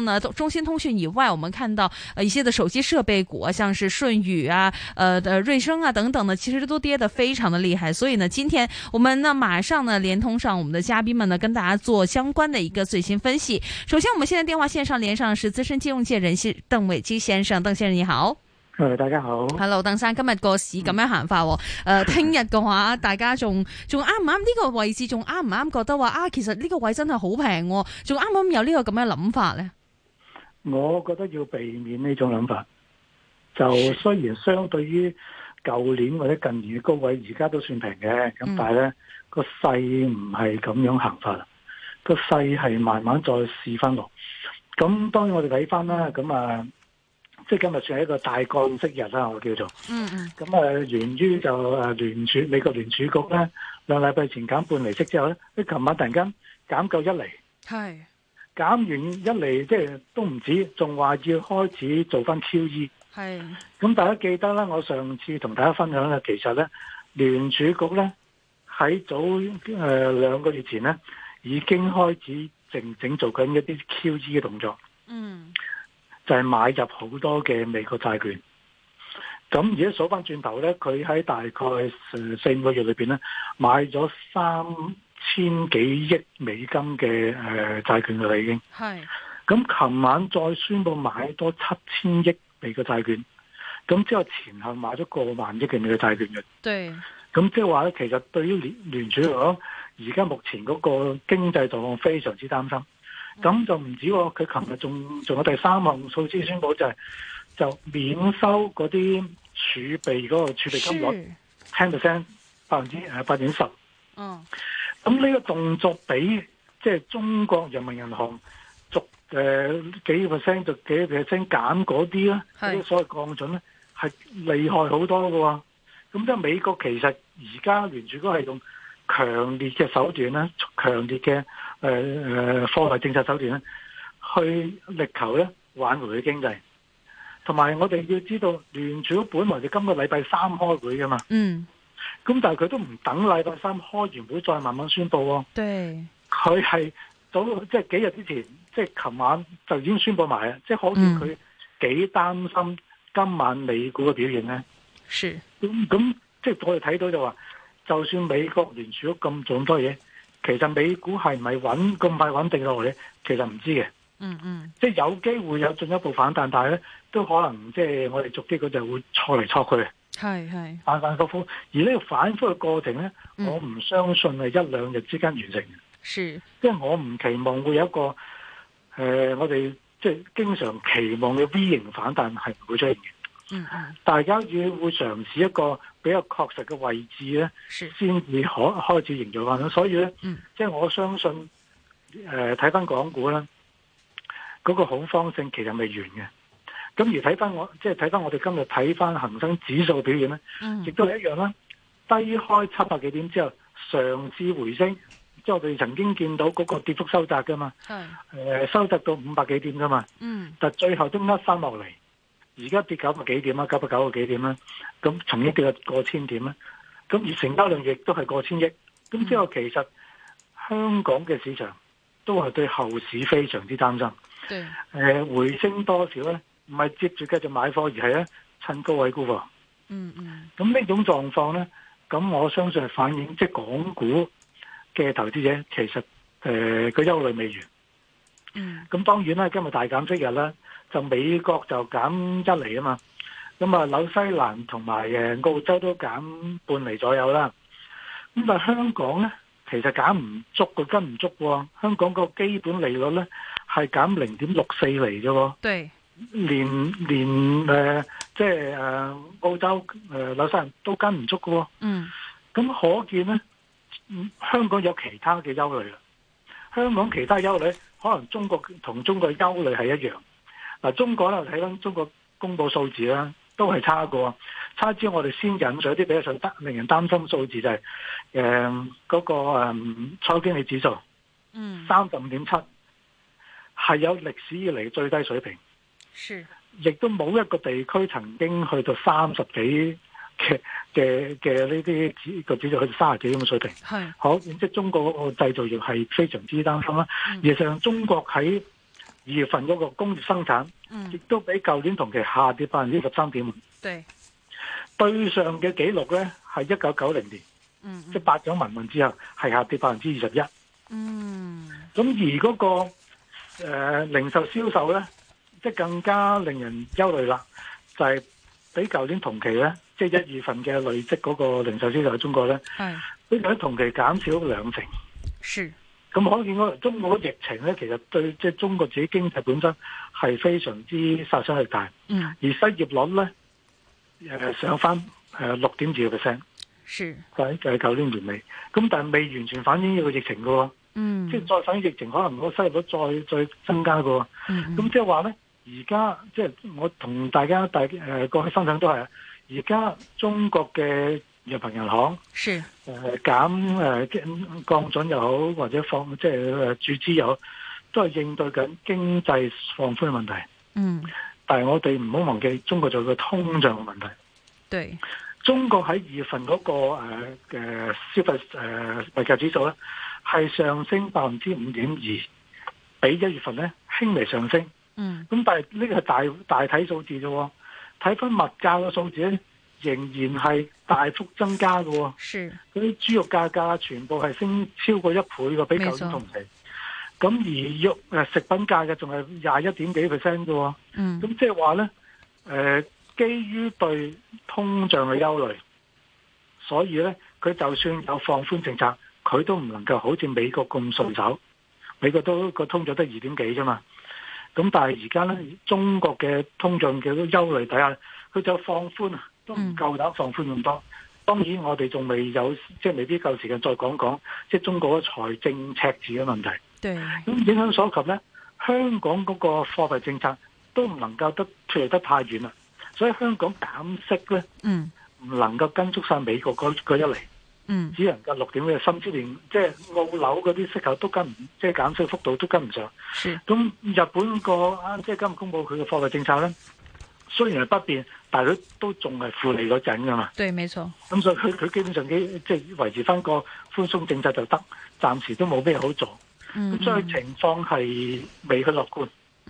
呢，中興通訊以外，我們看到呃，一些的手機設備股，像是舜宇啊、呃的瑞聲啊等等的，其實都跌得非常的厲害。所以呢，今天我們呢馬上呢連通上我們的嘉賓們呢，跟大家做相關的一個最新分析。首先，我們現在電話線上連上是資深金融界人士鄧偉基先生。鄧先生你好，大家好，Hello，鄧生，今日個市咁樣行法，嗯、呃，聽日嘅話大家仲仲啱唔啱？呢個位置仲啱唔啱？仲啱唔啱覺得話啊，其實呢個位真係好平，仲啱唔啱有呢個咁樣諗法呢？我覺得要避免呢種諗法，就雖然相對於舊年或者近年嘅高位，而家都算平嘅。咁但係咧、那個勢唔係咁樣行法啦，那個勢係慢慢再試翻落。咁當然我哋睇翻啦，咁啊，即係今日算係一個大降息日啦、啊，我叫做，嗯嗯、啊，咁啊源於就誒聯儲美國聯儲局咧兩禮拜前減半釐息之後咧，佢琴晚突然間減夠一釐，係。減完一嚟，即係都唔止，仲話要開始做翻 QE。係是。咁大家記得啦，我上次同大家分享嘅其實咧聯儲局咧喺早誒兩、呃、個月前咧，已經開始靜靜做緊一啲 QE 嘅動作。嗯。就係買入好多嘅美國債券。咁而家數翻轉頭咧，佢喺大概四五個月裏邊咧，買咗三。千幾億美金嘅誒、呃、債券㗎啦已經，係咁是。琴晚再宣布買多七千億美嘅債券，咁之後前後買咗過萬億嘅美嘅債券嘅。對，咁即係話咧，其實對於聯聯儲嚟講，而家目前嗰個經濟狀況非常之擔心。咁、嗯、就唔止喎，佢琴日仲仲有第三項數字宣佈就係、是、就免收嗰啲儲備嗰個儲備金率百分之十。呃、嗯。咁呢個動作比即係、就是、中國人民銀行逐誒、呃、幾個 percent，逐幾 percent 減嗰啲咧，呢個所謂降準咧係厲害好多嘅、啊。咁即係美國其實而家聯儲局係用強烈嘅手段咧，強烈嘅誒誒貨幣政策手段咧，去力求咧挽回嘅經濟。同埋我哋要知道，聯儲局本來就今個禮拜三開會嘅嘛。嗯咁但係佢都唔等禮拜三開完會再慢慢宣布喎、哦，佢係對早即係、就是、幾日之前，即係琴晚就已經宣布埋啊！即係可見佢幾擔心今晚美股嘅表現咧。是咁咁，即係、就是、我哋睇到就話，就算美國聯儲局咁做咁多嘢，其實美股係咪穩咁快穩定落嚟咧？其實唔知嘅。嗯嗯，即係有機會有進一步反彈，嗯、但係咧都可能即係、就是、我哋逐跌，佢就會錯嚟錯去。係係反反覆覆，而呢個反覆嘅過程咧，嗯、我唔相信係一兩日之間完成嘅。即係是我唔期望會有一個誒、呃，我哋即係經常期望嘅 V 型反彈係唔會出現嘅。嗯，大家要會嘗試一個比較確實嘅位置咧，先至是可開始營造翻咯。所以咧，即係、嗯、我相信誒，睇、呃、翻港股咧，嗰、那個恐慌性其實未完嘅。咁而睇翻我即係睇翻我哋今日睇翻恒生指數表現咧，亦都係一樣啦。低開七百幾點之後，嘗試回升，即係我哋曾經見到嗰個跌幅收窄噶嘛是、呃。收窄到五百幾點噶嘛。嗯、但最後都甩翻落嚟，而家跌九百幾點啦、啊，九百九個幾點啦、啊。咁曾經跌過千點啦、啊。咁而成交量亦都係過千億。咁、嗯、之後其實香港嘅市場都係對後市非常之擔心。對呃、回升多少咧？唔係接住繼續買貨，而係咧趁高位沽。嗯嗯。咁呢種狀況咧，咁我相信係反映即係港股嘅投資者其實誒個憂慮未完。嗯。咁當然咧，今日大減息日咧，就美國就減一釐啊嘛。咁啊，紐西蘭同埋誒澳洲都減半釐左右啦。咁但係香港咧，其實減唔足個跟唔足喎。香港個基本利率咧係減零點六四釐咋喎。對。連連誒、呃，即係誒，澳洲誒，紐、呃、西蘭都跟唔足嘅。嗯，咁可見咧，香港有其他嘅憂慮啦。香港其他憂慮可能中國同中國憂慮係一樣。嗱、啊，中國呢，睇翻中國公布數字啦，都係差過。差之我哋先引述一啲比較上令人擔心數數字就係、是，誒、呃、嗰、那個誒，採購經理指數，嗯，三十五點七，係、嗯、有歷史以嚟最低水平。是，亦都冇一個地區曾經去到三十幾嘅嘅嘅呢啲個指數去到三十幾咁嘅水平，係可見，即係中國個製造業係非常之擔心啦。嗯、而實際上中國喺二月份嗰個工業生產，亦、嗯、都比舊年同期下跌百分之十三點五，對，對上嘅紀錄咧係一九九零年，嗯、嗯，即係八九民運之後係下跌百分之二十一，嗯，咁而嗰、那個誒、呃、零售銷售咧。即係更加令人憂慮啦，就係比舊年同期咧，即係一月份嘅累積嗰個零售銷售喺中國咧，比舊年同期減少兩成。是咁，可見嗰個中國嘅疫情咧，其實對即係中國自己經濟本身係非常之殺傷力大。嗯，而失業率咧，誒上翻誒六點二個 percent。是就係誒舊年年尾，咁但係未完全反映呢個疫情嘅喎。嗯，即係再反映疫情，可能個失業率再再增加嘅喎。嗯，咁即係話咧。而家即係我同大家大誒、呃，過去分享都係。啊。而家中國嘅人民銀行是誒減誒降準又好，或者放即係誒注資又好，都係應對緊經濟放寬嘅問題。嗯，但係我哋唔好忘記，中國仲有個通脹嘅問題。對，中國喺二月份嗰、那個誒誒、呃、消費誒物價指數咧係上升百分之五點二，比一月份咧輕微上升。嗯，咁但係呢個係大大體數字啫，睇翻物價嘅數字呢，仍然係大幅增加嘅、喔。是，嗰啲豬肉價格全部係升超過一倍嘅，比舊年同期。咁錯而肉誒食品價格仲係廿一點幾 percent 啫。喔、嗯，咁即係話咧，誒、呃，基於對通脹嘅憂慮，所以咧，佢就算有放寬政策，佢都唔能夠好似美國咁順手。嗯、美國都個通脹得二點幾啫嘛。咁但係而家咧，中國嘅通脹嘅憂慮底下，佢就放寬啊，都唔夠膽放寬咁多。嗯、當然我哋仲未有，即係未必夠時間再講講，即係中國嘅財政赤字嘅問題。對，咁影響所及咧，香港嗰個貨幣政策都唔能夠得，脫離得太遠啦。所以香港減息咧，嗯，唔能夠跟足晒美國嗰嗰一嚟。嗯，只能夠六點嘅，甚至連即係澳紐嗰啲息口都跟唔，即係減息幅度都跟唔上。咁日本個啊，即係今日公布佢嘅貨幣政策咧，雖然係不變，但係都都仲係負利嗰陣㗎嘛。對，冇錯。咁所以佢佢基本上幾即係維持翻個寬鬆政策就得，暫時都冇咩好做。咁、嗯、所以情況係未許樂觀。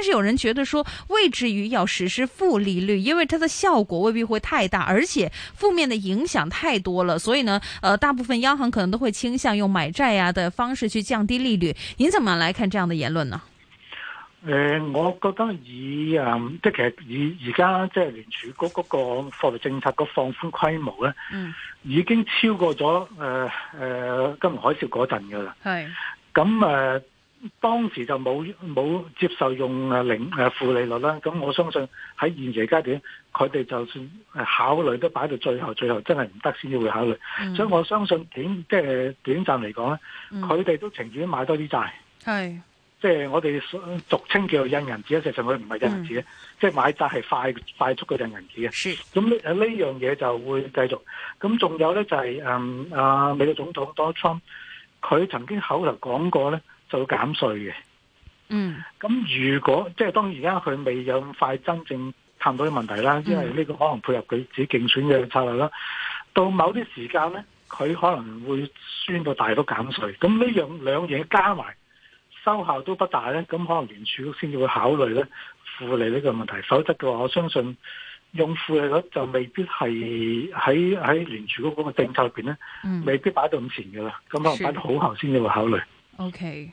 但是有人覺得說，未至於要實施負利率，因為它的效果未必會太大，而且負面的影響太多了。所以呢，呃，大部分央行可能都會傾向用買債啊的方式去降低利率。您怎麼樣來看這樣的言論呢？誒、呃，我覺得以啊，即、呃、係其實以而家即係聯儲局嗰個貨幣政策個放寬規模咧，嗯，已經超過咗誒誒金融海嘯嗰陣噶啦，係咁誒。當時就冇冇接受用零誒負利率啦，咁我相信喺現時階段，佢哋就算考慮都擺到最後，最後真係唔得先至會考慮，嗯、所以我相信短即係、就是、短暫嚟講咧，佢哋、嗯、都情願買多啲債，即係是我哋俗稱叫做印銀紙，其實際上佢唔係印銀紙，即係買債係快快速嘅印銀紙嘅。咁呢樣嘢就會繼續。咁仲有呢、就是，就係誒美國總統 Donald Trump 佢曾經口頭講過咧。就會減稅嘅。嗯。咁如果即係當然而家佢未有咁快真正探到啲問題啦，因為呢個可能配合佢自己競選嘅策略啦。到某啲時間咧，佢可能會宣到大幅減稅。咁呢樣兩樣加埋，收效都不大咧。咁可能聯儲局先至會考慮咧負利呢個問題。否則嘅話，我相信用負利率就未必係喺喺聯儲局嗰個政策入邊咧，嗯、未必擺到咁前嘅啦。咁可能擺到好後先至會考慮。O K。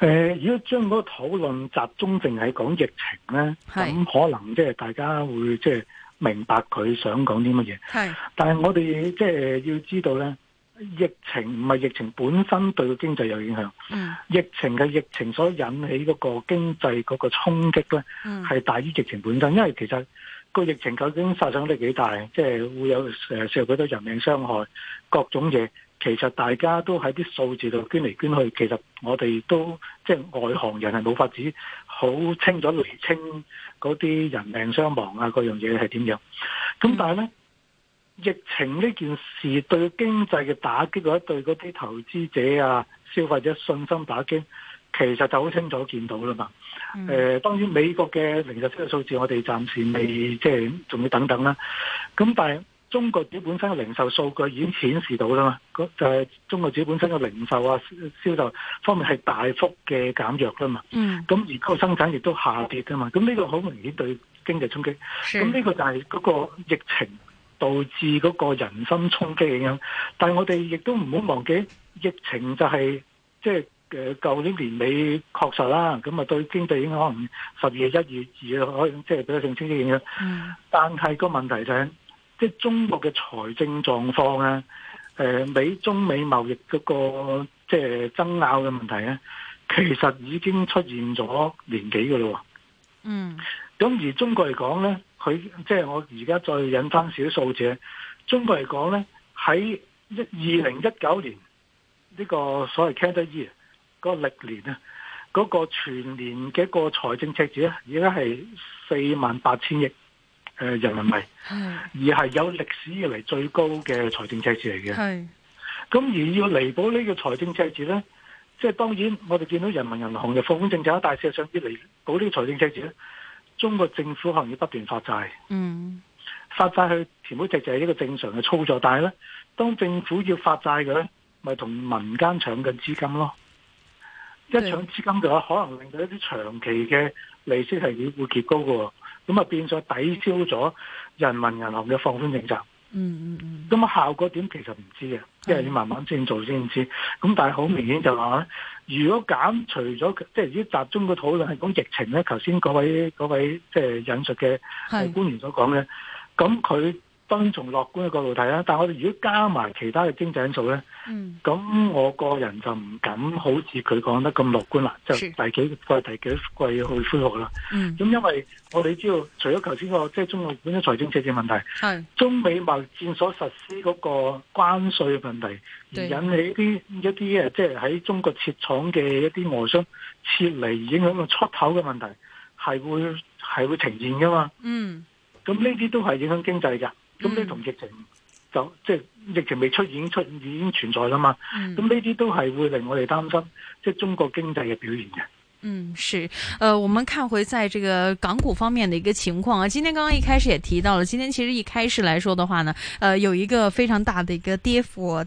誒，如果將嗰個討論集中淨係講疫情咧，咁是可能即係大家會即係明白佢想講啲乜嘢。係是，但係我哋即係要知道咧，疫情唔係疫情本身對個經濟有影響。嗯，疫情嘅疫情所引起嗰個經濟嗰個衝擊咧，係、嗯、大於疫情本身。因為其實個疫情究竟殺傷力幾大？即、就、係、是、會有誒涉幾多人命傷害各種嘢。其實大家都喺啲數字度捐嚟捐去，其實我哋都即係、就是、外行人係冇法子好清楚厘清嗰啲人命傷亡啊，嗰樣嘢係點樣？咁但係呢，嗯、疫情呢件事對經濟嘅打擊，或者對嗰啲投資者啊、消費者信心打擊，其實就好清楚見到啦嘛。誒、嗯呃，當然美國嘅零售嘅數字，我哋暫時未即係仲要等等啦。咁但係中國自己本身嘅零售數據已經顯示到啦嘛，就係中國自己本身嘅零售啊、銷售方面係大幅嘅減弱啦嘛。咁而個生產亦都下跌噶嘛，咁呢個好明顯對經濟衝擊。咁呢個就係嗰個疫情導致嗰個人心衝擊嘅影響。但係我哋亦都唔好忘記疫情，就係即係誒舊年年尾確實啦，咁啊對經濟影響可能十二月一月、二月可以即係比較性清晰影響。但係個問題就係、是。即係中國嘅財政狀況咧、啊，誒美中美貿易嗰、那個即係、就是、爭拗嘅問題咧，其實已經出現咗年幾嘅咯。嗯，咁而中國嚟講咧，佢即係我而家再引返少數字，中國嚟講咧喺一二零一九年呢、這個所謂 calendar 嗰個歷年咧，嗰、那個全年嘅個財政赤字咧，而家係四萬八千億。誒，人民幣，是而係有歷史以嚟最高嘅財政赤字嚟嘅。係是，咁而要彌補呢個財政赤字呢，即、就、係、是、當然我哋見到人民銀行嘅貨幣政策，但事實上要彌補呢個財政赤字呢，中國政府可能要不斷發債。嗯，發債去填補赤字係一個正常嘅操作，但係呢，當政府要發債嘅呢，咪同民間搶緊資金咯。一搶資金嘅話，可能令到一啲長期嘅利息係會會結高喎。咁啊變咗抵消咗人民銀行嘅放寬政策，嗯嗯嗯，咁、嗯、啊、嗯、效果點其實唔知嘅，即係要慢慢先做先知。咁是的 但係好明顯就話咧，如果減除咗，即係如果集中嘅討論係講疫情咧，頭先嗰位位，位即係引述嘅官員所講呢。咁佢是的。當從樂觀嘅角度睇啦、啊，但我哋如果加埋其他嘅經濟因素咧，咁、嗯、我個人就唔敢好似佢講得咁樂觀啦，嗯、就第幾個第幾季去恢復啦。咁、嗯、因為我哋知道，除咗頭先個即係中國本身財政赤字問題，是中美貿易戰所實施嗰個關稅嘅問題，對而引起一啲一啲誒即係喺中國設廠嘅一啲外商撤離，影響個出口嘅問題係會係會呈現噶嘛。咁呢啲都係影響經濟㗎。咁呢同疫情就即係疫情未出現，出現已經存在啦嘛，咁呢啲都係會令我哋擔心，即係中國經濟嘅表現嘅。嗯，是，呃，我們看回在這個港股方面的一個情況啊，今天剛剛一開始也提到了，今天其實一開始來說的話呢，呃，有一個非常大的一個跌幅哦。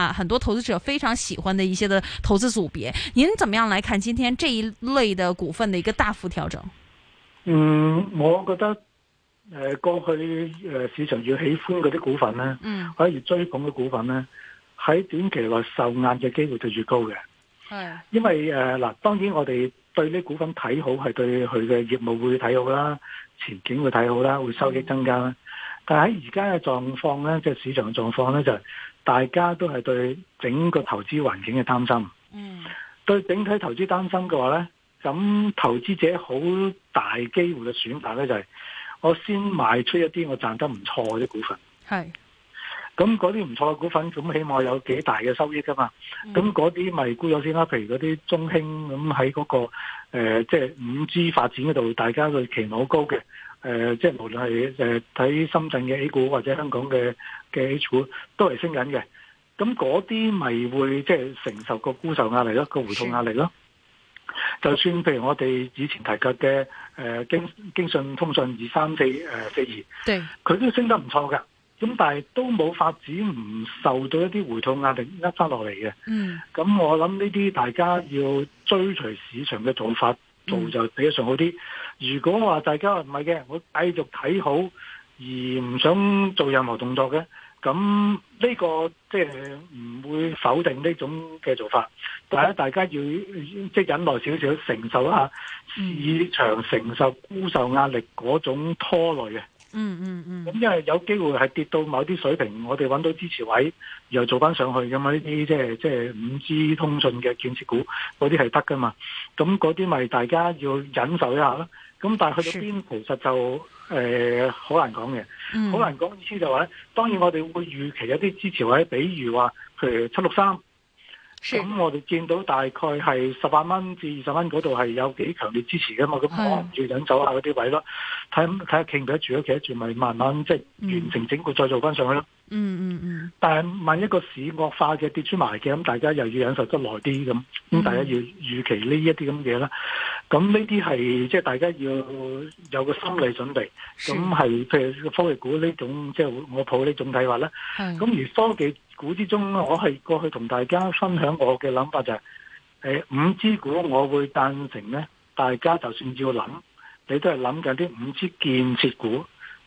啊，很多投資者非常喜歡的一些的投資組別，您怎麼樣來看今天這一類的股份的一個大幅調整？嗯，我覺得誒、呃，過去誒、呃、市場越喜歡嗰啲股份咧，嗯，可以追捧嘅股份咧，喺短期內受壓嘅機會就越高嘅。係、嗯，因為誒嗱、呃，當然我哋對呢股份睇好係對佢嘅業務會睇好啦，前景會睇好啦，會收益增加啦。嗯、但係喺而家嘅狀況咧，即係市場嘅狀況咧就係。大家都係對整個投資環境嘅擔心，嗯，對整體投資擔心嘅話呢，咁投資者好大機會嘅選擇呢，就係，是，我先賣出一啲我賺得唔錯嘅股份，係，咁嗰啲唔錯嘅股份，咁起碼有幾大嘅收益噶嘛，咁嗰啲咪沽咗先啦，譬如嗰啲中興咁喺嗰個誒即係五 G 發展嗰度，大家嘅期望好高嘅。誒、呃，即係無論係誒睇深圳嘅 A 股或者香港嘅嘅 H 股都，都係升緊嘅。咁嗰啲咪會即係承受個沽售壓力咯，個回吐壓力咯。就算譬如我哋以前提及嘅誒經京,京信通訊二三四誒四二，對，佢都升得唔錯噶。咁但係都冇法子唔受到一啲回吐壓力呃翻落嚟嘅。嗯。咁我諗呢啲大家要追隨市場嘅做法。做、嗯、就比得上好啲。如果我話大家唔係嘅，我繼續睇好，而唔想做任何動作嘅，咁呢、呢個即係唔會否定呢種嘅做法。但係大家要即、就是、忍耐少少，承受一下市場承受沽售壓力嗰種拖累嘅。嗯嗯嗯，咁、嗯嗯、因為有機會係跌到某啲水平，我哋揾到支持位，然後做翻上去咁啊！呢啲即係即係五 G 通訊嘅建設股，嗰啲係得噶嘛。咁嗰啲咪大家要忍受一下啦。咁但係去到邊，其實就誒好、呃、難講嘅，好難講。嗯、意思就話、是、咧，當然我哋會預期一啲支持位，比如話，譬如七六三。咁我哋見到大概係十八蚊至二十蚊嗰度係有幾強烈支持㗎嘛，咁我唔要忍走下嗰啲位咯，睇睇下企唔企得住，企得住咪慢慢即係完成整個再做返上去咯、嗯。嗯嗯嗯。但係萬一,一個市惡化嘅跌出埋嘅，咁大家又要忍受得耐啲咁，咁大家要預期呢一啲咁嘅嘢啦。嗯嗯咁呢啲係即係大家要有個心理準備，咁係的譬如科技股呢種，即係我抱呢種睇法啦。咁的而科技股之中，我係過去同大家分享我嘅諗法就係、是，誒五 G 股我會贊成咧，大家就算要諗，你都係諗緊啲五 G 建設股，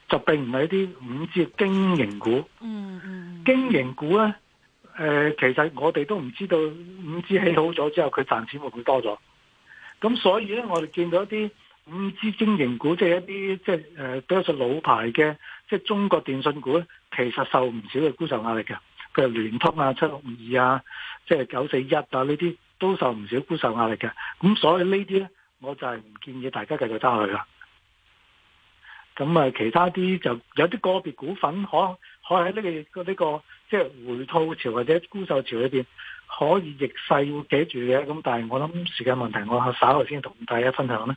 就並唔係一啲五 G 經營股。嗯嗯，經營股咧，誒，其實我哋都唔知道五 G 起好咗之後，佢賺錢會唔會多咗？咁所以咧，我哋見到一啲 5G 經營股，即係一啲即係誒比較上老牌嘅，即係中國電信股咧，其實受唔少嘅沽售壓力嘅。譬如聯通啊、七六二啊、即係九四一啊呢啲都受唔少沽售壓力嘅。咁所以呢啲咧，我就係唔建議大家繼續揸佢啦。咁啊，其他啲就有啲個別股份可可喺呢個呢個即係回吐潮或者沽售潮裏面，可以逆勢會記住嘅，咁但係我諗時間問題，我稍後先同大家分享咧。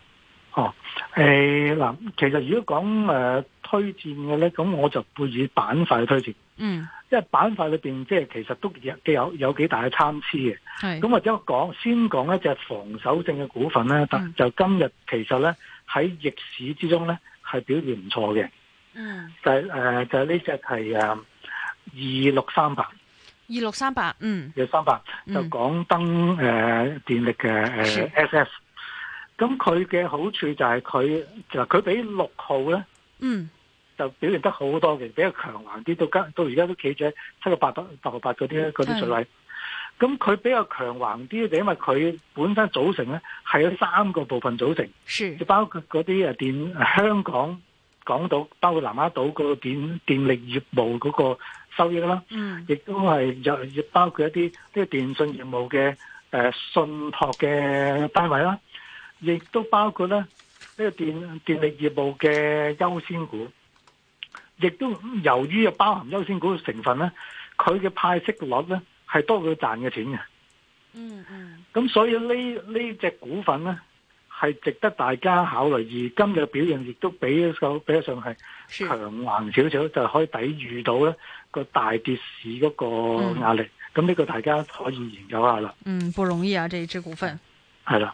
哦，誒、欸、嗱，其實如果講誒、呃、推薦嘅咧，咁我就會以板塊去推薦。嗯，因為板塊裏邊即係其實都有有有幾大嘅參差嘅。係是。咁或者我講，先講一隻防守性嘅股份咧，就今日其實咧喺逆市之中咧係表現唔錯嘅。呃、二六三八,二六三八，嗯。二六三八，就係誒就係呢隻係誒二六三八。二六三八，嗯。二六三八，就港燈誒電力嘅誒 S S。呃 SS, 咁佢嘅好處就係佢就佢比六號咧，嗯、就表現得好多嘅，比較強橫啲。到到而家都企住喺七個八、八個八嗰啲嗰啲水位。咁佢是比較強橫啲嘅，因為佢本身組成咧係有三個部分組成，就是包括嗰啲電香港港島，包括南丫島嗰個電，電力業務嗰個收益啦，亦、嗯、都係入包括一啲啲電信業務嘅、啊、信託嘅單位啦。亦都包括咧呢個電電力業務嘅優先股，亦都由於又包含優先股嘅成分咧，佢嘅派息率咧係多過佢賺嘅錢嘅。嗯嗯，咁所以呢呢隻股份咧係值得大家考慮。而今日嘅表現亦都比得上是強，比得上係強橫少少，就可以抵御到咧個大跌市嗰個壓力。咁呢、嗯、個大家可以研究下啦。嗯，不容易啊！呢一支股份係啦。